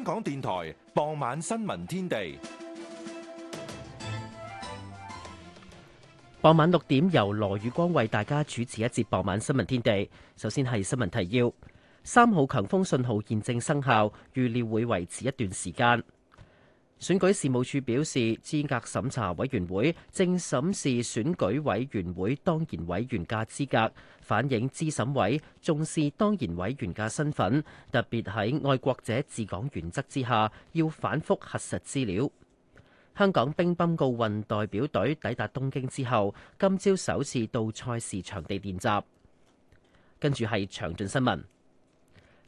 香港電台傍晚新聞天地。傍晚六點由羅宇光為大家主持一節傍晚新聞天地。首先係新聞提要：三號強風信號現正生效，預料會維持一段時間。選舉事務處表示，資格審查委員會正審視選舉委員會當然委員嘅資格，反映資審委重視當然委員嘅身份，特別喺愛國者治港原則之下，要反覆核實資料。香港乒乓奧運代表隊抵達東京之後，今朝首次到賽事場地練習。跟住係詳盡新聞。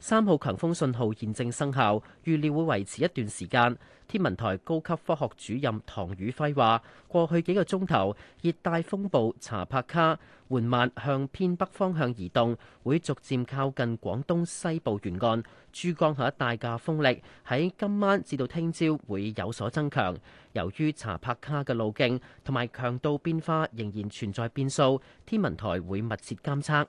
三號強風信號現正生效，預料會維持一段時間。天文台高級科學主任唐宇輝話，過去幾個鐘頭，熱帶風暴查帕卡緩慢向偏北方向移動，會逐漸靠近廣東西部沿岸、珠江口一帶嘅風力喺今晚至到聽朝會有所增強。由於查帕卡嘅路徑同埋強度變化仍然存在變數，天文台會密切監測。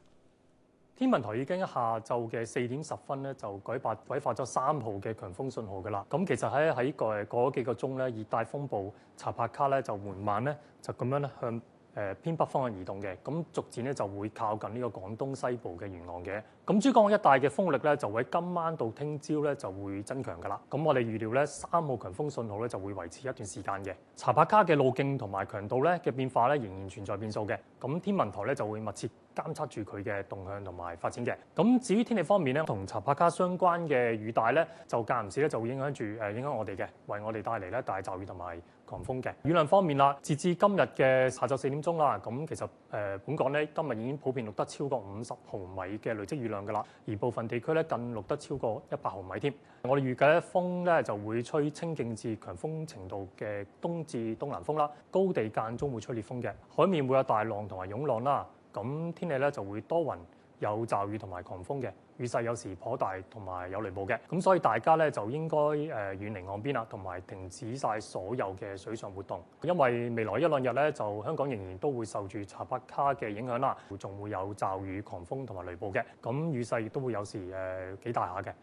天文台已經下晝嘅四點十分咧，就改發改發咗三號嘅強風信號㗎喇。咁其實喺喺個嗰幾個鐘咧，熱帶風暴查帕卡咧就緩慢咧就咁樣咧向誒、呃、偏北方向移動嘅。咁逐漸咧就會靠近呢個廣東西部嘅沿岸嘅。咁珠江一帶嘅風力咧，就喺今晚到聽朝咧就會增強㗎喇。咁我哋預料咧三號強風信號咧就會維持一段時間嘅。查帕卡嘅路徑同埋強度咧嘅變化咧仍然存在變數嘅。咁天文台咧就會密切。監測住佢嘅動向同埋發展嘅。咁至於天氣方面咧，同查帕卡相關嘅雨帶咧，就間唔時咧就會影響住誒影響我哋嘅，為我哋帶嚟咧大驟雨同埋狂風嘅。雨量方面啦，截至今日嘅下晝四點鐘啦，咁其實誒、呃、本港咧今日已經普遍錄得超過五十毫米嘅累積雨量㗎啦，而部分地區咧更錄得超過一百毫米添。我哋預計咧風咧就會吹清勁至強風程度嘅東至東南風啦，高地間中會吹烈風嘅，海面會有大浪同埋湧浪啦。咁天氣咧就會多雲，有驟雨同埋狂風嘅，雨勢有時頗大，同埋有雷暴嘅。咁所以大家咧就應該誒遠離岸邊啦，同埋停止晒所有嘅水上活動，因為未來一兩日咧就香港仍然都會受住查帕卡嘅影響啦，仲會有驟雨、狂風同埋雷暴嘅，咁雨勢亦都會有時誒幾大下嘅。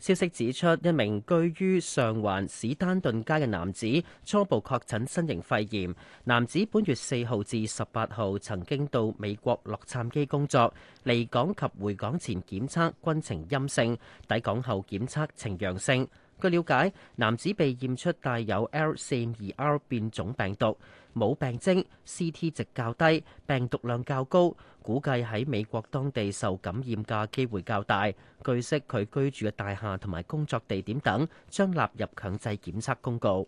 消息指出，一名居於上環史丹頓街嘅男子初步確診新型肺炎。男子本月四號至十八號曾經到美國洛杉磯工作，離港及回港前檢測均呈陰性，抵港後檢測呈陽性。據了解，男子被驗出帶有 L42R 變種病毒，冇病徵，CT 值較低，病毒量較高，估計喺美國當地受感染嘅機會較大。據悉，佢居住嘅大廈同埋工作地點等將納入強制檢測公告。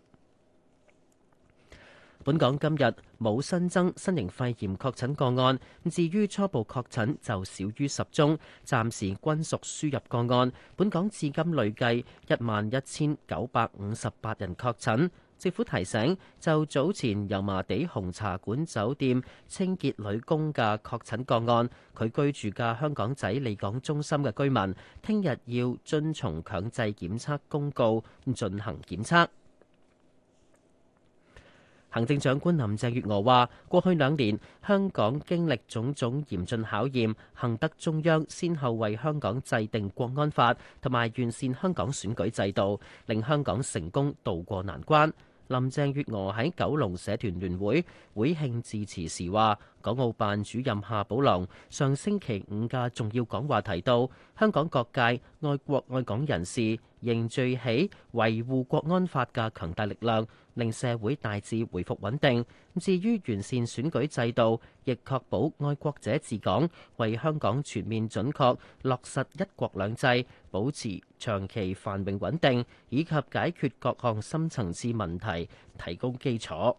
本港今日冇新增新型肺炎確診個案，至於初步確診就少於十宗，暫時均屬輸入個案。本港至今累計一萬一千九百五十八人確診，政府提醒，就早前油麻地紅茶館酒店清潔女工嘅確診個案，佢居住嘅香港仔利港中心嘅居民，聽日要遵從強制檢測公告進行檢測。行政長官林鄭月娥話：過去兩年，香港經歷種種嚴峻考驗，幸得中央先後為香港制定國安法同埋完善香港選舉制度，令香港成功渡過難關。林鄭月娥喺九龍社團聯會會慶致辭時話：港澳辦主任夏寶龍上星期五嘅重要講話提到，香港各界愛國愛港人士凝聚起維護國安法嘅強大力量，令社會大致回復穩定。至於完善選舉制度，亦確保愛國者治港，為香港全面準確落實一國兩制、保持長期繁榮穩定以及解決各項深層次問題提供基礎。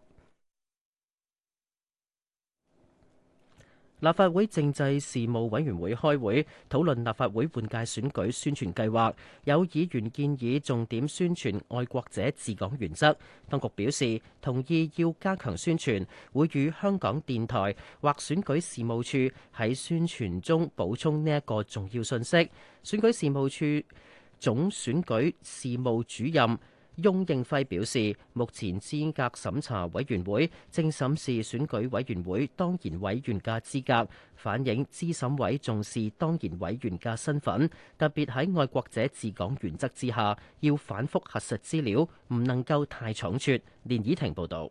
立法會政制事務委員會開會討論立法會換屆選舉宣傳計劃，有議員建議重點宣傳愛國者治港原則。當局表示同意，要加強宣傳，會與香港電台或選舉事務處喺宣傳中補充呢一個重要信息。選舉事務處總選舉事務主任翁應輝表示，目前資格審查委員會正審視選舉委員會當然委員嘅資格，反映資審委重視當然委員嘅身份，特別喺愛國者治港原則之下，要反覆核實資料，唔能夠太倉促。連以婷報道。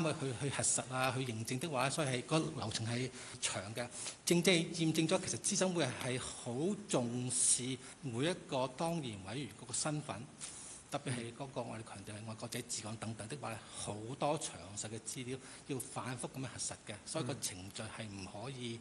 去去核實啊，去認證的話，所以係個流程係長嘅。正正驗證咗，其實諮詢會係好重視每一個當然委員個身份，特別係嗰個我哋強調係愛國者治港等等的話，咧，好多詳細嘅資料要反復咁樣核實嘅，所以個程序係唔可以。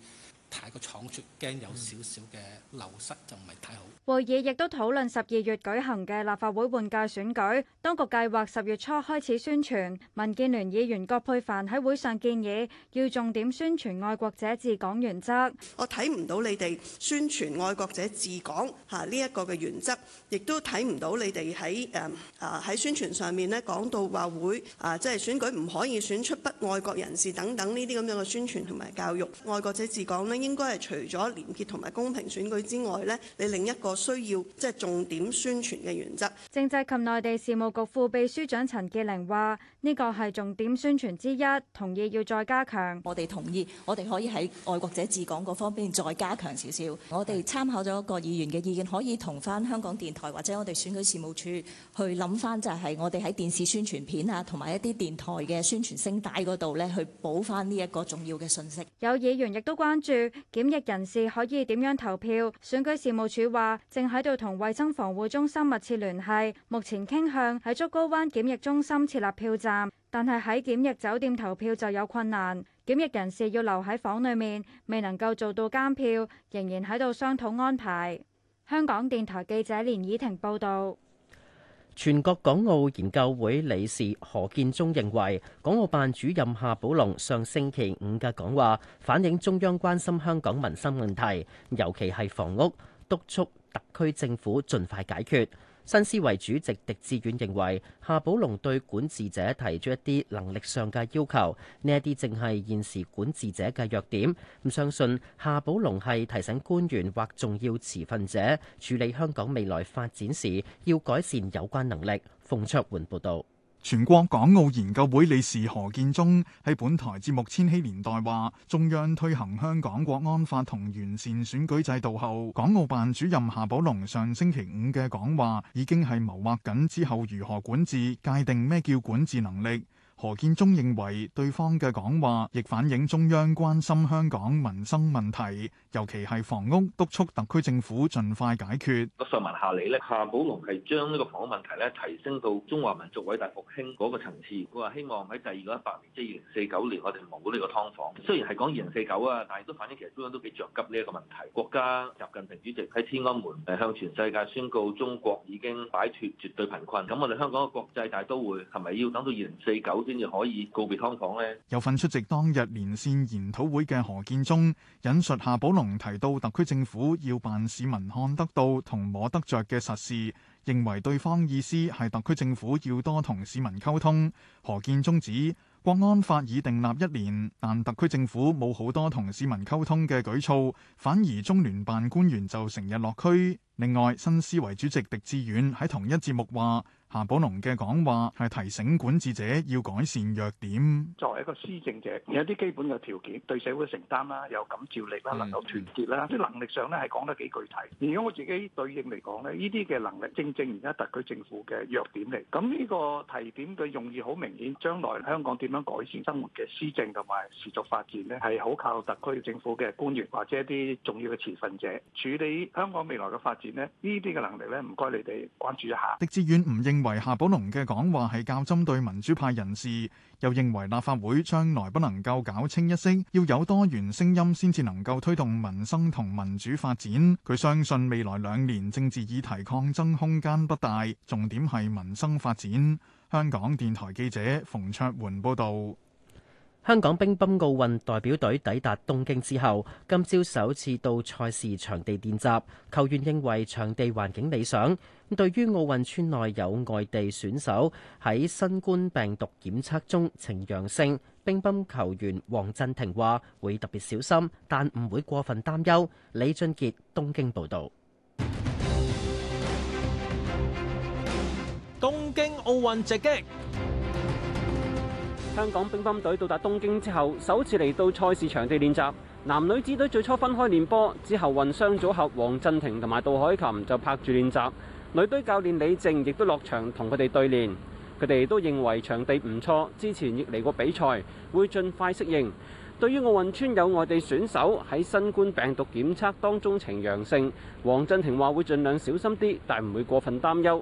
太過倉促，驚有少少嘅流失就唔係太好。會議亦都討論十二月舉行嘅立法會換屆選舉，當局計劃十月初開始宣傳。民建聯議員郭佩凡喺會上建議，要重點宣傳愛國者治港原則。我睇唔到你哋宣傳愛國者治港嚇呢一個嘅原則，亦都睇唔到你哋喺誒啊喺宣傳上面呢，講到話會啊即係、就是、選舉唔可以選出不愛國人士等等呢啲咁樣嘅宣傳同埋教育愛國者治港呢。應該係除咗廉潔同埋公平選舉之外咧，你另一個需要即係、就是、重點宣傳嘅原則。政制及內地事務局副秘書長陳潔玲話。呢個係重點宣傳之一，同意要再加強。我哋同意，我哋可以喺愛國者治港嗰方面再加強少少。我哋參考咗一個議員嘅意見，可以同翻香港電台或者我哋選舉事務處去諗翻，就係我哋喺電視宣傳片啊，同埋一啲電台嘅宣傳聲帶嗰度呢去補翻呢一個重要嘅信息。有議員亦都關注檢疫人士可以點樣投票。選舉事務處話正喺度同衞生防護中心密切聯繫，目前傾向喺竹篙灣檢疫中心設立票站。但係喺檢疫酒店投票就有困難，檢疫人士要留喺房裏面，未能夠做到監票，仍然喺度商討安排。香港電台記者連倚婷報道。全國港澳研究會理事何建宗認為，港澳辦主任夏寶龍上星期五嘅講話，反映中央關心香港民生問題，尤其係房屋，督促特區政府盡快解決。新思維主席狄志遠認為夏寶龍對管治者提出一啲能力上嘅要求，呢一啲正係現時管治者嘅弱點，唔相信夏寶龍係提醒官員或重要持份者，處理香港未來發展時要改善有關能力。馮卓煥報道。全國港澳研究會理事何建宗喺本台節目《千禧年代》話：中央推行香港國安法同完善選舉制度後，港澳辦主任夏寶龍上星期五嘅講話已經係謀劃緊之後如何管治，界定咩叫管治能力。何建中認為對方嘅講話亦反映中央關心香港民生問題，尤其係房屋，督促特區政府盡快解決。我想問下你咧，夏寶龍係將呢個房屋問題咧提升到中華民族偉大復興嗰個層次。佢話希望喺第二個一百年，即係二零四九年，我哋冇呢個劏房。雖然係講二零四九啊，但係都反映其實中央都幾着急呢一個問題。國家習近平主席喺天安門係向全世界宣告中國已經擺脱絕對貧困。咁我哋香港嘅國際大都會係咪要等到二零四九？先至可以告別香港呢？有份出席當日連線研討會嘅何建宗引述夏寶龍提到，特區政府要辦市民看得到同摸得着嘅實事，認為對方意思係特區政府要多同市民溝通。何建宗指，國安法已訂立一年，但特區政府冇好多同市民溝通嘅舉措，反而中聯辦官員就成日落區。另外，新思維主席狄志遠喺同一節目話。夏寶龍嘅講話係提醒管治者要改善弱點。作為一個施政者，有一啲基本嘅條件，對社會承擔啦，有感召力啦，能夠團結啦，啲能力上咧係講得幾具體。而我自己對應嚟講咧，呢啲嘅能力正正而家特區政府嘅弱點嚟。咁呢個提點嘅用意好明顯，將來香港點樣改善生活嘅施政同埋持續發展呢，係好靠特區政府嘅官員或者一啲重要嘅持份者處理香港未來嘅發展呢。呢啲嘅能力咧，唔該你哋關注一下。狄志遠唔認。認為夏寶龍嘅講話係較針對民主派人士，又認為立法會將來不能夠搞清一色，要有多元聲音先至能夠推動民生同民主發展。佢相信未來兩年政治議題抗爭空間不大，重點係民生發展。香港電台記者馮卓桓報道。香港乒乓奧運代表隊抵達東京之後，今朝首次到賽事場地練習，球員認為場地環境理想。咁對於奧運村內有外地選手喺新冠病毒檢測中呈陽性，乒乓球員黃振廷話會特別小心，但唔會過分擔憂。李俊傑東京報道。東京奧運直擊。香港乒乓隊到達東京之後，首次嚟到賽事場地練習。男女子隊最初分開練波，之後混雙組合黃鎮廷同埋杜凱琹就拍住練習。女隊教練李靜亦都落場同佢哋對練。佢哋都認為場地唔錯，之前亦嚟過比賽，會盡快適應。對於奧運村有外地選手喺新冠病毒檢測當中呈陽性，黃鎮廷話會盡量小心啲，但唔會過分擔憂。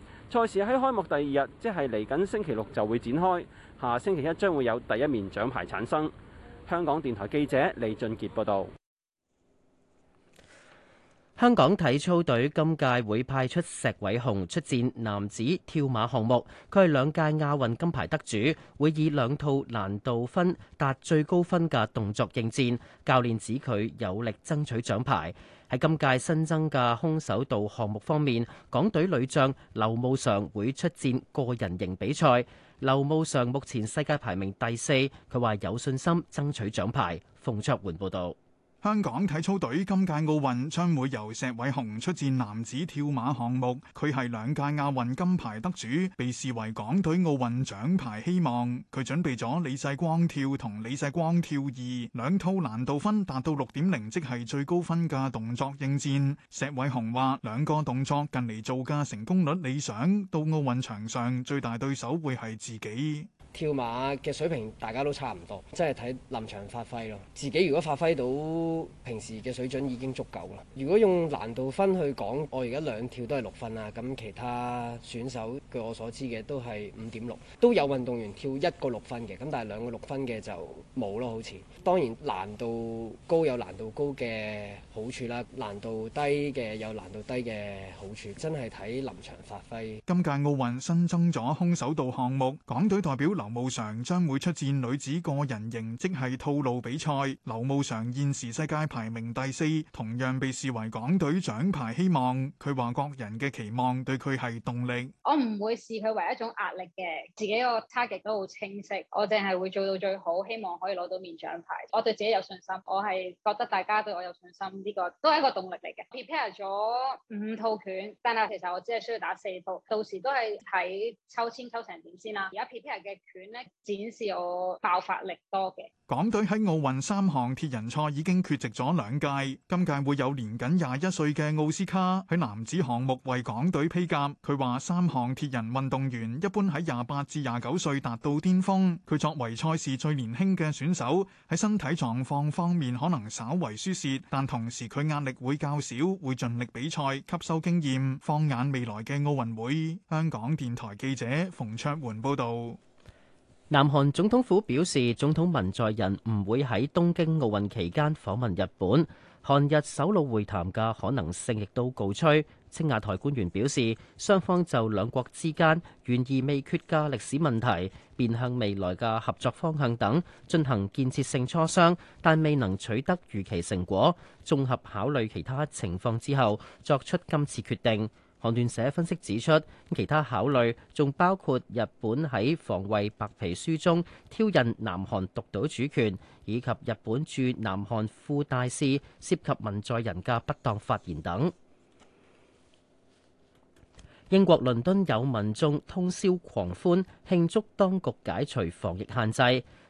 賽事喺開幕第二日，即係嚟緊星期六就會展開，下星期一將會有第一面獎牌產生。香港電台記者李俊傑報道。香港體操隊今屆會派出石偉雄出戰男子跳馬項目，佢係兩屆亞運金牌得主，會以兩套難度分達最高分嘅動作應戰。教練指佢有力爭取獎牌。喺今屆新增嘅空手道項目方面，港隊女將劉慕常會出戰個人型比賽。劉慕常目前世界排名第四，佢話有信心爭取獎牌。馮卓煥報道。香港體操隊今屆奧運將會由石偉雄出戰男子跳馬項目，佢係兩屆亞運金牌得主，被視為港隊奧運獎牌希望。佢準備咗李世光跳同李世光跳二兩套難度分達到六點零，即係最高分嘅動作應戰。石偉雄話：兩個動作近嚟做嘅成功率理想，到奧運場上最大對手會係自己。跳馬嘅水平大家都差唔多，真係睇臨場發揮咯。自己如果發揮到平時嘅水準已經足夠啦。如果用難度分去講，我而家兩跳都係六分啦。咁其他選手據我所知嘅都係五點六，都有運動員跳一個六分嘅，咁但係兩個六分嘅就冇咯，好似。當然難度高有難度高嘅好處啦，難度低嘅有難度低嘅好處，真係睇臨場發揮。今屆奧運新增咗空手道項目，港隊代表。劉慕常將會出戰女子個人型，即係套路比賽。劉慕常現時世界排名第四，同樣被視為港隊獎牌希望。佢話個人嘅期望對佢係動力。我唔會視佢為一種壓力嘅，自己個差 a 都好清晰，我淨係會做到最好，希望可以攞到面獎牌。我對自己有信心，我係覺得大家對我有信心，呢、這個都係一個動力嚟嘅。prepare 咗五套拳，但係其實我只係需要打四套，到時都係喺抽簽抽成點先啦。而家 prepare 嘅。呢展示我爆發力多嘅。港隊喺奧運三項鐵人賽已經缺席咗兩屆，今屆會有年僅廿一歲嘅奧斯卡喺男子項目為港隊披甲。佢話三項鐵人運動員一般喺廿八至廿九歲達到巔峰。佢作為賽事最年輕嘅選手，喺身體狀況方面可能稍為輸蝕，但同時佢壓力會較少，會盡力比賽，吸收經驗。放眼未來嘅奧運會，香港電台記者馮卓媛報道。南韓總統府表示，總統文在寅唔會喺東京奧運期間訪問日本，韓日首腦會談嘅可能性亦都告吹。青瓦台官員表示，雙方就兩國之間懸而未決嘅歷史問題，面向未來嘅合作方向等進行建設性磋商，但未能取得預期成果。綜合考慮其他情況之後，作出今次決定。韓聯社分析指出，其他考慮仲包括日本喺防衛白皮書中挑釁南韓獨島主權，以及日本駐南韓副大使涉及文在寅嘅不當發言等。英國倫敦有民眾通宵狂歡，慶祝當局解除防疫限制。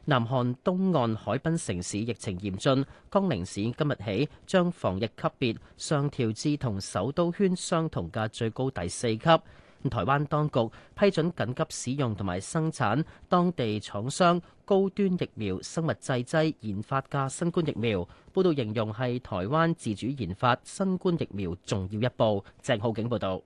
南韓東岸海濱城市疫情嚴峻，江寧市今日起將防疫級別上調至同首都圈相同嘅最高第四級。台灣當局批准緊急使用同埋生產當地廠商高端疫苗生物製劑研發嘅新冠疫苗，報道形容係台灣自主研發新冠疫苗重要一步。鄭浩景報導。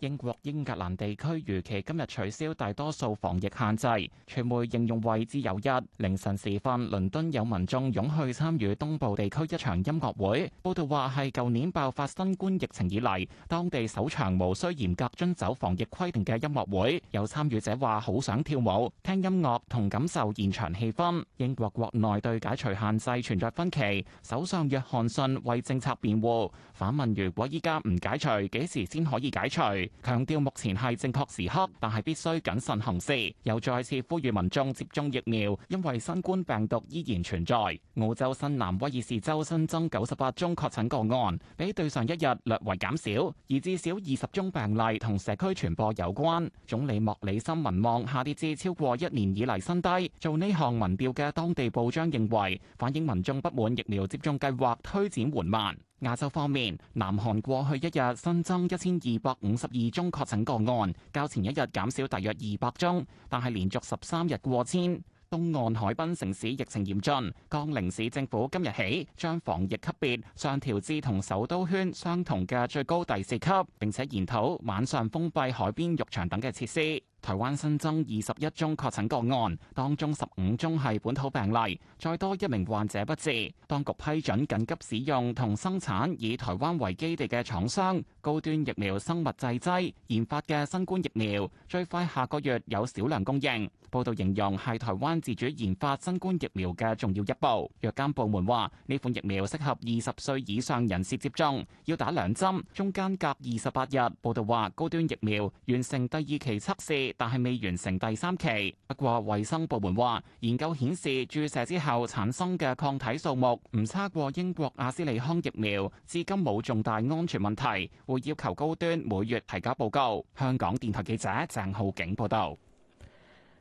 英國英格蘭地區預期今日取消大多數防疫限制，傳媒形容為之有日。凌晨時分，倫敦有民眾湧去參與東部地區一場音樂會，報道話係舊年爆發新冠疫情以嚟，當地首場無需嚴格遵守防疫規定嘅音樂會。有參與者話好想跳舞、聽音樂同感受現場氣氛。英國國內對解除限制存在分歧，首相約翰遜為政策辯護，反問如，如果依家唔解除，幾時先可以解除？強調目前係正確時刻，但係必須謹慎行事。又再次呼籲民眾接種疫苗，因為新冠病毒依然存在。澳洲新南威爾士州新增九十八宗確診個案，比對上一日略為減少，而至少二十宗病例同社區傳播有關。總理莫里森民望下跌至超過一年以嚟新低。做呢項民調嘅當地報章認為，反映民眾不滿疫苗接種計劃推展緩慢。亞洲方面，南韓過去一日新增一千二百五十二宗確診個案，較前一日減少大約二百宗，但係連續十三日過千。東岸海濱城市疫情嚴峻，江陵市政府今日起將防疫級別上調至同首都圈相同嘅最高第四級，並且研討晚上封閉海邊浴場等嘅設施。.台灣新增二十一宗確診個案，當中十五宗係本土病例，再多一名患者不治。當局批准緊急使用同生產以台灣為基地嘅廠商高端疫苗生物製劑研發嘅新冠疫苗，最快下個月有少量供應。報道形容係台灣自主研發新冠疫苗嘅重要一步。藥監部門話呢款疫苗適合二十歲以上人士接種，要打兩針，中間隔二十八日。報道話高端疫苗完成第二期測試。但係未完成第三期。不過衛生部門話，研究顯示注射之後產生嘅抗體數目唔差過英國阿斯利康疫苗，至今冇重大安全問題，會要求高端每月提交報告。香港電台記者鄭浩景報道。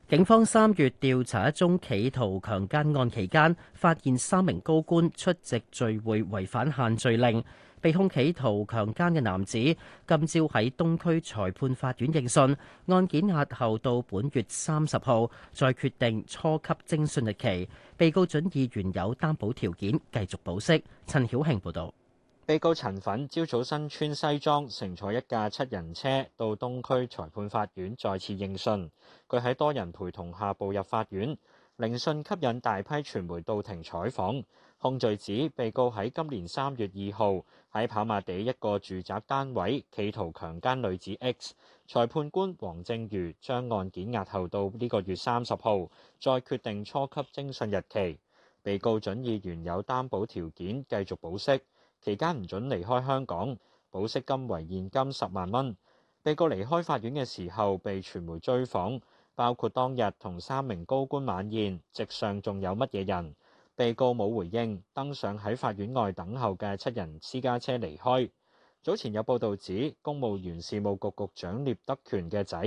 警方三月調查一宗企圖強姦案期間，發現三名高官出席聚會違反限聚令。被控企圖強姦嘅男子今朝喺東區裁判法院應訊，案件押後到本月三十號再決定初級偵訊日期。被告準以原有擔保條件繼續保釋。陳曉慶報道：「被告陳憤朝早身穿西裝，乘坐一架七人車到東區裁判法院再次應訊。佢喺多人陪同下步入法院，聆訊吸引大批傳媒到庭採訪。控罪指被告喺今年三月二號喺跑馬地一個住宅單位企圖強姦女子 X。裁判官黃正瑜將案件押後到呢個月三十號再決定初級偵訊日期。被告准以原有擔保條件繼續保釋，期間唔准離開香港。保釋金為現金十萬蚊。被告離開法院嘅時候被傳媒追訪，包括當日同三名高官晚宴，席上仲有乜嘢人？被告冇回應登上喺法院外等候嘅七人私家車離開早前有報道指，公務員事務局局,局長聶德權嘅仔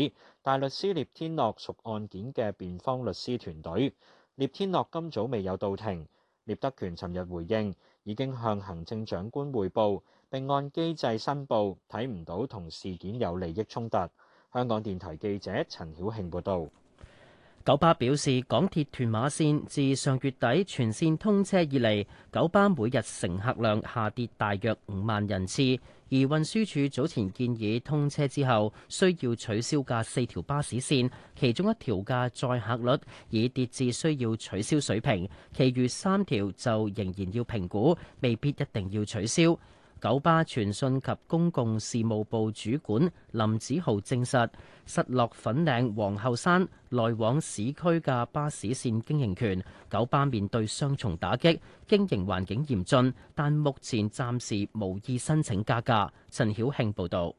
大律師聶天樂屬案件嘅辯方律師團隊聶天樂今早未有到庭。聶德權尋日回應已經向行政長官匯報，並按機制申報睇唔到同事件有利益衝突。香港電台記者陳曉慶報道。九巴表示，港鐵屯馬線自上月底全線通車以嚟，九巴每日乘客量下跌大約五萬人次。而運輸署早前建議通車之後需要取消嘅四條巴士線，其中一條嘅載客率已跌至需要取消水平，其餘三條就仍然要評估，未必一定要取消。九巴傳訊及公共事務部主管林子豪證實失落粉嶺皇后山來往市區嘅巴士線經營權，九巴面對雙重打擊，經營環境嚴峻，但目前暫時無意申請加價。陳曉慶報導。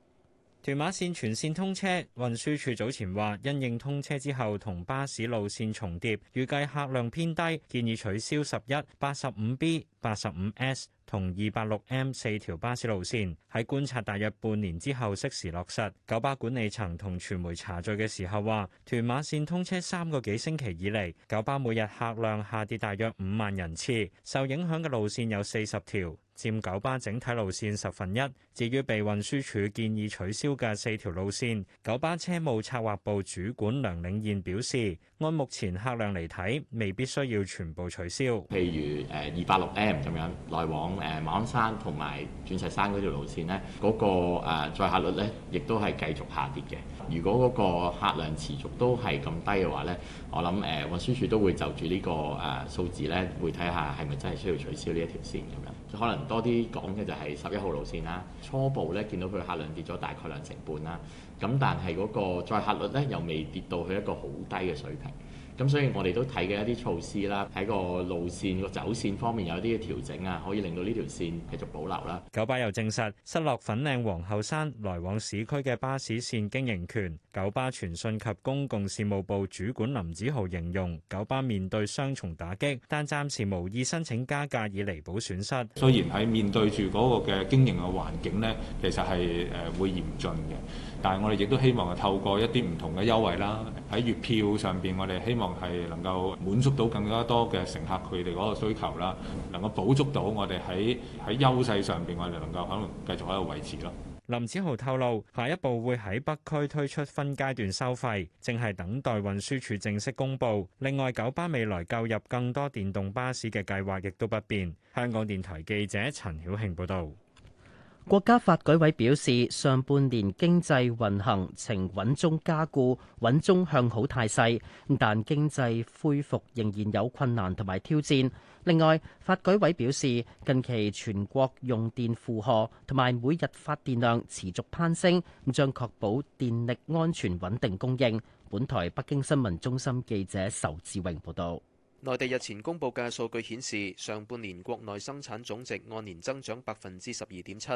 屯馬線全線通車，運輸署早前話，因應通車之後同巴士路線重疊，預計客量偏低，建議取消十一、八十五 B、八十五 S、同 286M 四條巴士路線喺觀察大約半年之後適時落實。九巴管理層同傳媒茶敘嘅時候話，屯馬線通車三個幾星期以嚟，九巴每日客量下跌大約五萬人次，受影響嘅路線有四十條，佔九巴整體路線十分一。至於被運輸署建議取消嘅四條路線，九巴車務策劃部主管梁領燕表示，按目前客量嚟睇，未必需要全部取消。譬如誒、uh, 286M 咁樣來往，誒、嗯、馬鞍山同埋鑽石山嗰條路線呢，嗰、那個誒、呃、載客率呢亦都係繼續下跌嘅。如果嗰個客量持續都係咁低嘅話呢，我諗誒、呃、運輸署都會就住呢、這個誒、呃、數字呢，會睇下係咪真係需要取消呢一條線咁樣。可能多啲講嘅就係十一號路線啦。初步呢，見到佢客量跌咗大概兩成半啦。咁但係嗰個載客率呢，又未跌到去一個好低嘅水平。咁所以，我哋都睇緊一啲措施啦，喺個路線個走線方面有啲嘅調整啊，可以令到呢條線繼續保留啦。九巴又證實失落粉嶺皇后山來往市區嘅巴士線經營權。九巴傳訊及公共事務部主管林子豪形容，九巴面對雙重打擊，但暫時無意申請加價以彌補損失。雖然喺面對住嗰個嘅經營嘅環境咧，其實係誒會嚴峻嘅，但係我哋亦都希望透過一啲唔同嘅優惠啦，喺月票上邊我哋希望。係能夠滿足到更加多嘅乘客佢哋嗰個需求啦，能夠補足到我哋喺喺優勢上邊，我哋能夠可能繼續喺度維持啦。林子豪透露，下一步會喺北區推出分階段收費，正係等待運輸署正式公佈。另外，九巴未來購入更多電動巴士嘅計劃亦都不變。香港電台記者陳曉慶報道。國家發改委表示，上半年經濟運行呈穩中加固、穩中向好態勢，但經濟恢復仍然有困難同埋挑戰。另外，發改委表示，近期全國用電負荷同埋每日發電量持續攀升，將確保電力安全穩定供應。本台北京新聞中心記者仇志榮報道。內地日前公布嘅數據顯示，上半年國內生產總值按年增長百分之十二點七。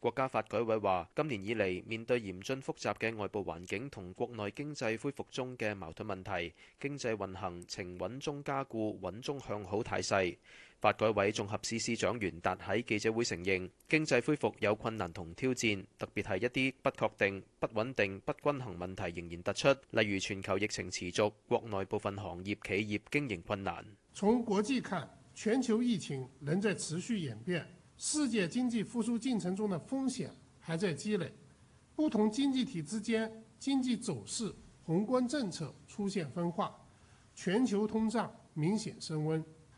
國家發改委話，今年以嚟面對嚴峻複雜嘅外部環境同國內經濟恢復中嘅矛盾問題，經濟運行呈穩中加固、穩中向好態勢。發改委綜合司司長袁達喺記者會承認，經濟恢復有困難同挑戰，特別係一啲不確定、不穩定、不均衡問題仍然突出，例如全球疫情持續，國內部分行業企業經營困難。從國際看，全球疫情仍在持續演變，世界經濟復甦進程中的風險還在積累，不同經濟體之間經濟走勢、宏觀政策出現分化，全球通脹明顯升溫。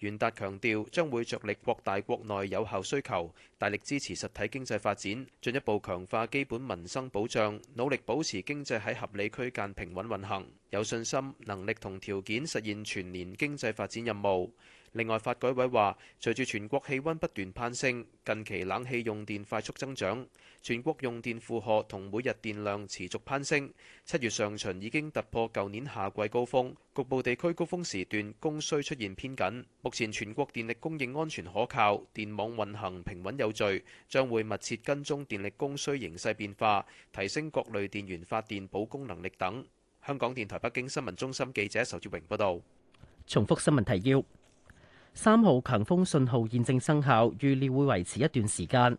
袁達強調，將會着力擴大國內有效需求，大力支持實體經濟發展，進一步強化基本民生保障，努力保持經濟喺合理區間平穩運行，有信心、能力同條件實現全年經濟發展任務。另外，發改委話，隨住全國氣温不斷攀升，近期冷氣用電快速增長，全國用電負荷同每日電量持續攀升。七月上旬已經突破舊年夏季高峰，局部地區高峰時段供需出現偏緊。目前全國電力供應安全可靠，電網運行平穩有序，將會密切跟蹤電力供需形勢變化，提升各類電源發電保供能力等。香港電台北京新聞中心記者仇志榮報道。重複新聞提要。三號強風信號現正生效，預料會維持一段時間。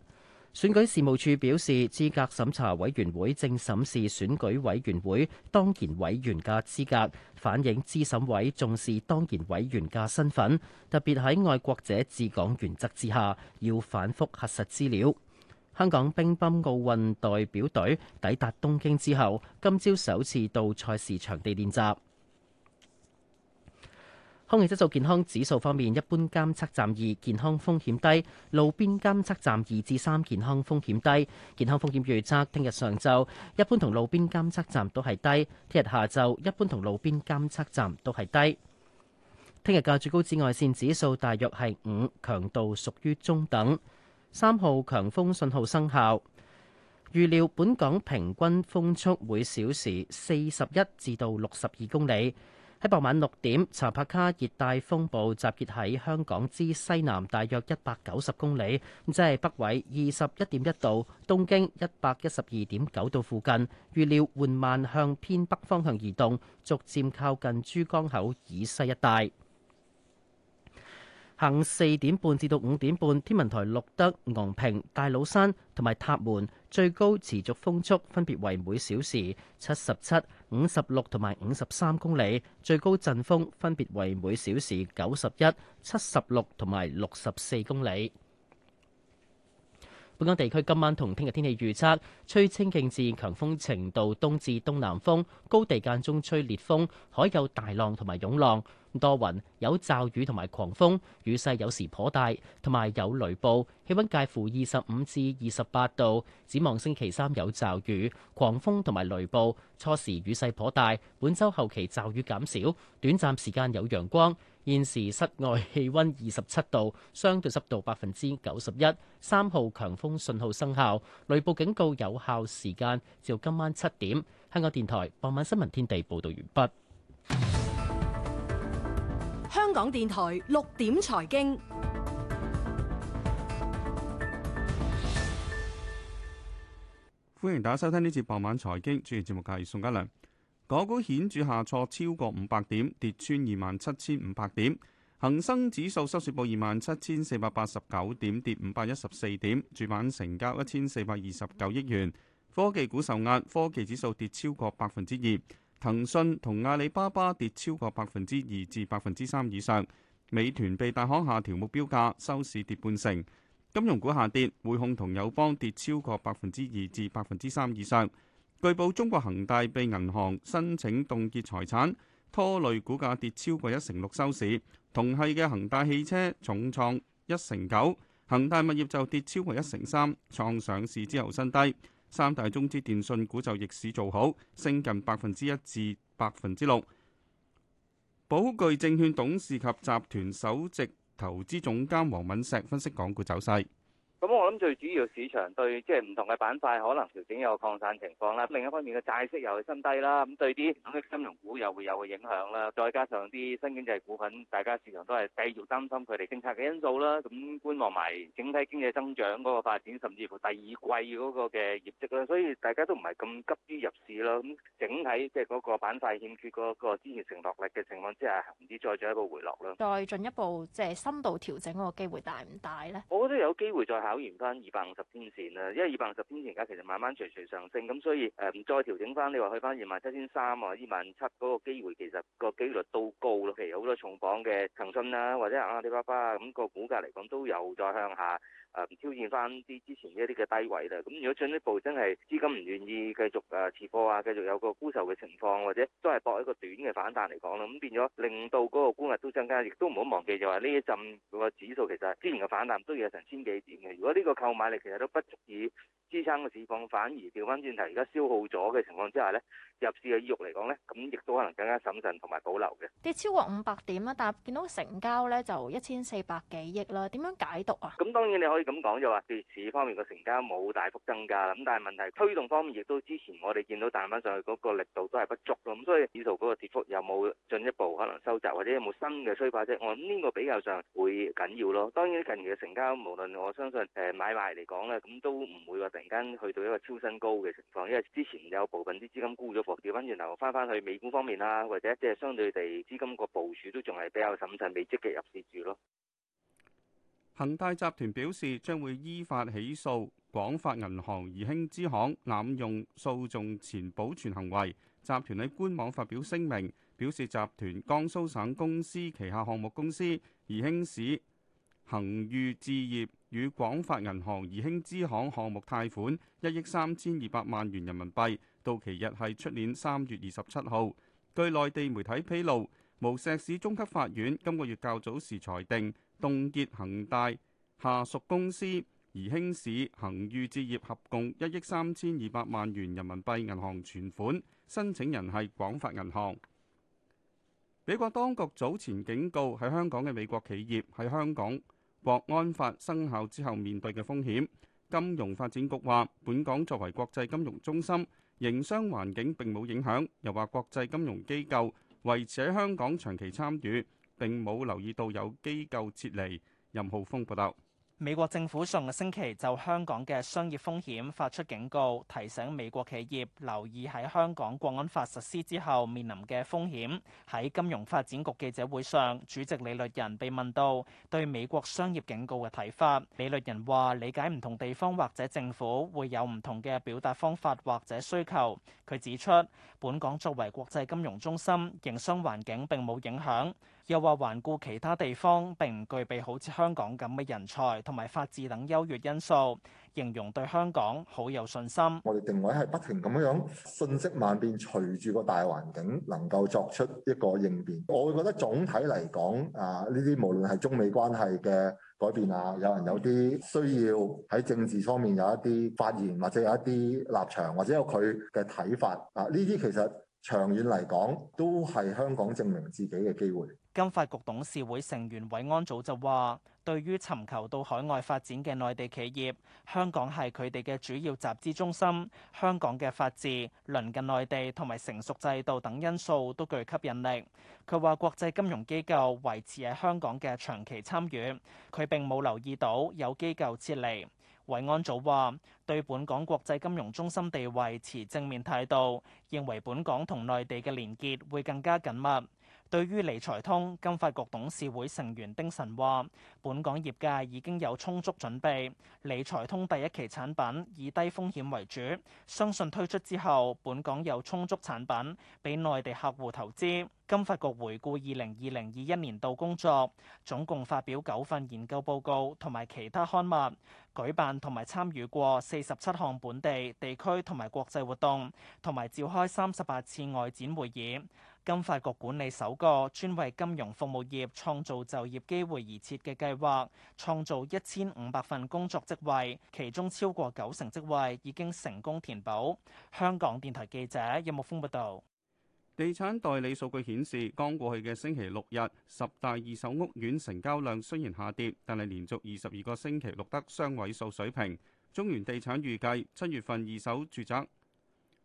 選舉事務處表示，資格審查委員會正審視選舉委員會當然委員嘅資格，反映資審委重視當然委員嘅身份，特別喺愛國者治港原則之下，要反覆核實資料。香港乒乓奧運代表隊抵達東京之後，今朝首次到賽事場地練習。空氣質素健康指數方面，一般監測站二，健康風險低；路邊監測站二至三，3，健康風險低。健康風險預測：聽日上晝，一般同路邊監測站都係低；聽日下晝，一般同路邊監測站都係低。聽日嘅最高紫外線指數大約係五，強度屬於中等。三號強風信號生效。預料本港平均風速每小時四十一至到六十二公里。喺傍晚六點，查帕卡熱帶風暴集結喺香港之西南，大約一百九十公里，即係北緯二十一點一度，東經一百一十二點九度附近。預料緩慢向偏北方向移動，逐漸靠近珠江口以西一帶。下午四點半至到五點半，天文台錄得昂坪、大老山同埋塔門。最高持續風速分別為每小時七十七、五十六同埋五十三公里；最高陣風分別為每小時九十一、七十六同埋六十四公里。本港地區今晚同聽日天氣預測：吹清勁至強風程度東至東南風，高地間中吹烈風，海有大浪同埋湧浪。多雲，有驟雨同埋狂風，雨勢有時頗大，同埋有雷暴。氣溫介乎二十五至二十八度。展望星期三有驟雨、狂風同埋雷暴，初時雨勢頗大，本周後期驟雨減少，短暫時間有陽光。現時室外氣溫二十七度，相對濕度百分之九十一，三號強風信號生效，雷暴警告有效時間至今晚七點。香港電台傍晚新聞天地報道完畢。香港電台六點財經，歡迎大家收聽呢節傍晚財經主持節目嘅係宋家良。港股顯著下挫，超過五百點，跌穿二萬七千五百點。恒生指數收市報二萬七千四百八十九點，跌五百一十四點。主板成交一千四百二十九億元。科技股受壓，科技指數跌超過百分之二。騰訊同阿里巴巴跌超過百分之二至百分之三以上，美團被大行下調目標價，收市跌半成。金融股下跌，匯控同友邦跌超過百分之二至百分之三以上。據報中國恒大被銀行申請凍結財產，拖累股價跌超過一成六收市。同係嘅恒大汽車重創一成九，恒大物業就跌超過一成三，創上市之後新低。三大中資電訊股就逆市做好，升近百分之一至百分之六。寶具證券董事及集團首席投資總監黃敏石分析港股走勢。咁我諗最主要市場對即係唔同嘅板塊可能調整有擴散情況啦。另一方面嘅債息又會新低啦，咁對啲金融股又會有個影響啦。再加上啲新經濟股份，大家市場都係繼續擔心佢哋政策嘅因素啦。咁觀望埋整體經濟增長嗰個發展，甚至乎第二季嗰個嘅業績啦。所以大家都唔係咁急於入市咯。咁整體即係嗰個板塊欠缺嗰個支持承諾力嘅情況之下，唔知再，再進一步回落咯。再進一步即係深度調整嗰個機會大唔大咧？我覺得有機會再走完翻二百五十天線啦，因為二百五十天線而家其實慢慢隨隨上升，咁所以唔、呃、再調整翻，你話去翻二萬七千三啊，二萬七嗰個機會其實個機率、率都高咯，譬如好多重磅嘅騰訊啊，或者阿里巴巴啊，咁個股價嚟講都有再向下。誒、嗯、挑戰翻啲之前一啲嘅低位啦，咁、嗯、如果進一步真係資金唔願意繼續誒持貨啊，繼續有個沽售嘅情況，或者都係博一個短嘅反彈嚟講啦，咁、嗯、變咗令到嗰個沽壓都增加，亦都唔好忘記就話呢一陣個指數其實之前嘅反彈都有成千幾點嘅，如果呢個購買力其實都不足以支撐個市況，反而調翻轉頭而家消耗咗嘅情況之下呢。入市嘅意欲嚟講咧，咁亦都可能更加審慎同埋保留嘅。跌超過五百點啦，但係見到成交咧就一千四百幾億啦。點樣解讀啊？咁當然你可以咁講就話，跌市方面個成交冇大幅增加，咁但係問題推動方面亦都之前我哋見到彈返上去嗰個力度都係不足咯。咁所以指數嗰個跌幅有冇進一步可能收窄，或者有冇新嘅催化啫？我諗呢個比較上會緊要咯。當然近期嘅成交，無論我相信誒買賣嚟講咧，咁都唔會話突然間去到一個超新高嘅情況，因為之前有部分啲資金沽咗。調返原頭，翻翻去美股方面啦，或者即係相對地資金個部署都仲係比較審慎，未積極入市住咯。恒大集團表示將會依法起訴廣發銀行宜興支行濫用訴訟前保全行為。集團喺官網發表聲明，表示集團江蘇省公司旗下項目公司宜興市恒裕置業與廣發銀行宜興支行項，項目貸款一億三千二百萬元人民幣。到期日係出年三月二十七號。據內地媒體披露，無錫市中級法院今個月較早時裁定凍結恒大下屬公司宜興市恆裕置業合共一億三千二百萬元人民幣銀行存款。申請人係廣發銀行。美國當局早前警告喺香港嘅美國企業喺香港《國安法》生效之後面對嘅風險。金融發展局話，本港作為國際金融中心，營商環境並冇影響，又話國際金融機構維持喺香港長期參與，並冇留意到有機構撤離。任浩峰報道。美國政府上個星期就香港嘅商業風險發出警告，提醒美國企業留意喺香港國安法實施之後面臨嘅風險。喺金融發展局記者會上，主席李律仁被問到對美國商業警告嘅睇法，李律仁話理解唔同地方或者政府會有唔同嘅表達方法或者需求。佢指出，本港作為國際金融中心，營商環境並冇影響。又話環顧其他地方並唔具備好似香港咁嘅人才同埋法治等優越因素，形容對香港好有信心。我哋定位係不停咁樣，信息萬變，隨住個大環境能夠作出一個應變。我會覺得總體嚟講啊，呢啲無論係中美關係嘅改變啊，有人有啲需要喺政治方面有一啲發言，或者有一啲立場，或者有佢嘅睇法啊，呢啲其實長遠嚟講都係香港證明自己嘅機會。金發局董事會成員韋安祖就話：對於尋求到海外發展嘅內地企業，香港係佢哋嘅主要集資中心。香港嘅法治、鄰近內地同埋成熟制度等因素都具吸引力。佢話國際金融機構維持喺香港嘅長期參與，佢並冇留意到有機構撤離。韋安祖話對本港國際金融中心地位持正面態度，認為本港同內地嘅連結會更加緊密。對於理財通，金發局董事會成員丁晨話，本港業界已經有充足準備。理財通第一期產品以低風險為主，相信推出之後，本港有充足產品俾內地客戶投資。金發局回顧二零二零二一年度工作，總共發表九份研究報告同埋其他刊物，舉辦同埋參與過四十七項本地、地區同埋國際活動，同埋召開三十八次外展會議。金發局管理首個專為金融服務業創造就業機會而設嘅計劃，創造一千五百份工作職位，其中超過九成職位已經成功填補。香港電台記者任木峰報道。地產代理數據顯示，剛過去嘅星期六日，十大二手屋苑成交量雖然下跌，但係連續二十二個星期錄得雙位數水平。中原地產預計，七月份二手住宅、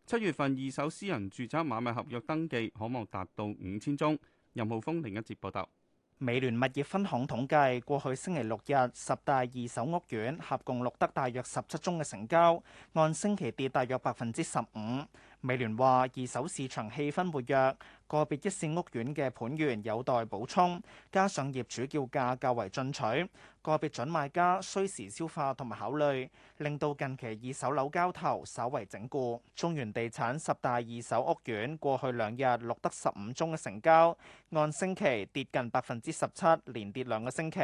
七月份二手私人住宅買賣合約登記可望達到五千宗。任浩峰另一節報道。美聯物業分行統計，過去星期六日，十大二手屋苑合共錄得大約十七宗嘅成交，按星期跌大約百分之十五。美聯話二手市場氣氛活躍，個別一線屋苑嘅盤源有待補充，加上業主叫價較為進取，個別準買家需時消化同埋考慮，令到近期二手樓交投稍為整固。中原地產十大二手屋苑過去兩日錄得十五宗嘅成交，按星期跌近百分之十七，連跌兩個星期。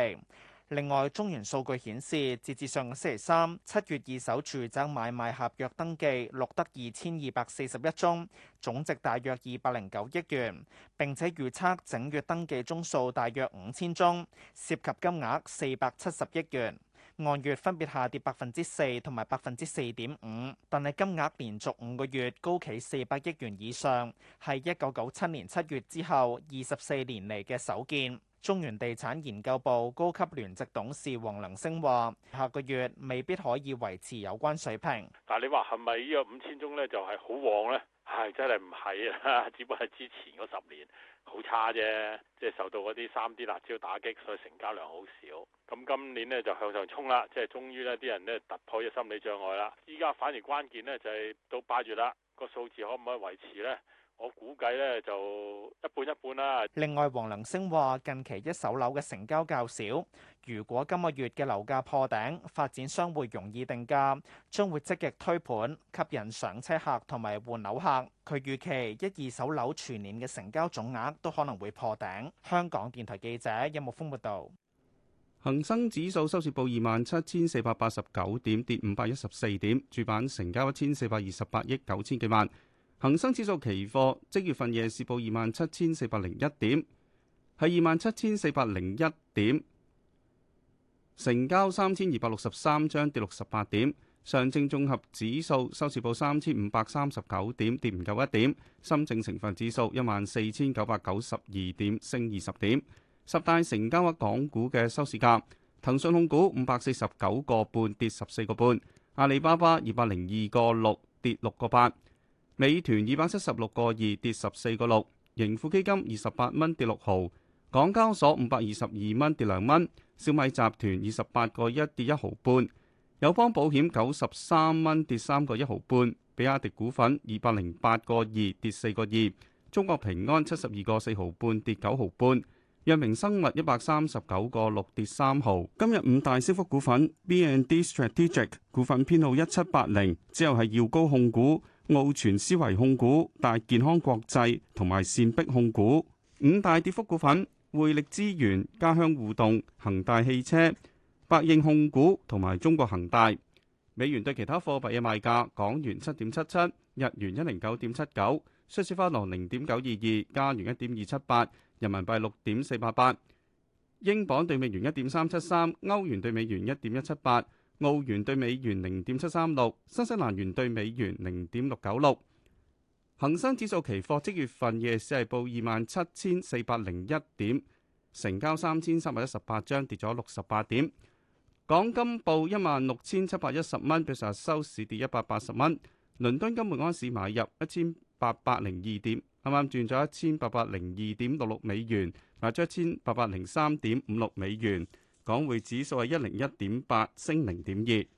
另外，中原數據顯示，截至上個星期三，七月二手住宅買賣合約登記錄得二千二百四十一宗，總值大約二百零九億元。並且預測整月登記宗數大約五千宗，涉及金額四百七十億元。按月分別下跌百分之四同埋百分之四點五，但係金額連續五個月高企四百億元以上，係一九九七年七月之後二十四年嚟嘅首見。中原地產研究部高級聯席董事黃良昇話，下個月未必可以維持有關水平。但你話係咪呢個五千宗呢？就係好旺呢？係真係唔係啊？只不過係之前嗰十年好差啫，即係受到嗰啲三 D 辣椒打擊，所以成交量好少。咁今年呢，就向上衝啦，即係終於呢啲人呢突破咗心理障礙啦。依家反而關鍵呢，就係到八月啦，個數字可唔可以維持呢？我估計咧就一半一半啦。另外，黃良聲話：近期一手樓嘅成交較少。如果今個月嘅樓價破頂，發展商會容易定價，將會積極推盤，吸引上車客同埋換樓客。佢預期一二手樓全年嘅成交總額都可能會破頂。香港電台記者尹木峰報道。恒生指數收市報二萬七千四百八十九點，跌五百一十四點。主板成交一千四百二十八億九千幾萬。恒生指數期貨即月份夜市報二萬七千四百零一點，係二萬七千四百零一點，成交三千二百六十三張，跌六十八點。上證綜合指數收市報三千五百三十九點，跌唔夠一點。深證成分指數一萬四千九百九十二點，升二十點。十大成交額港股嘅收市價，騰訊控股五百四十九個半，跌十四個半，阿里巴巴二百零二個六，跌六個八。美團二百七十六個二，跌十四個六，盈富基金二十八蚊，跌六毫，港交所五百二十二蚊，跌兩蚊，小米集團二十八個一，跌一毫半，友邦保險九十三蚊，跌三個一毫半，比亞迪股份二百零八個二，跌四個二，中國平安七十二個四毫半，跌九毫半，藥明生物一百三十九個六，跌三毫。今日五大升幅股份，BND Strategic 股份編號一七八零，之後係耀高控股、澳全思維控股、大健康國際同埋善壁控股。五大跌幅股份，匯力資源、家鄉互動、恒大汽車、百應控股同埋中國恒大。美元對其他貨幣嘅賣價：港元七點七七，日元一零九點七九，瑞士法郎零點九二二，加元一點二七八，人民幣六點四八八，英鎊兌美元一點三七三，歐元兌美元一點一七八。澳元兌美元零點七三六，新西蘭元兌美元零點六九六。恒生指數期貨即月份夜市係報二萬七千四百零一點，成交三千三百一十八張，跌咗六十八點。港金報一萬六千七百一十蚊，比上日收市跌一百八十蚊。倫敦金每盎司買入一千八百零二點，啱啱轉咗一千八百零二點六六美元，賣咗一千八百零三點五六美元。港匯指數係一零一點八，升零點二。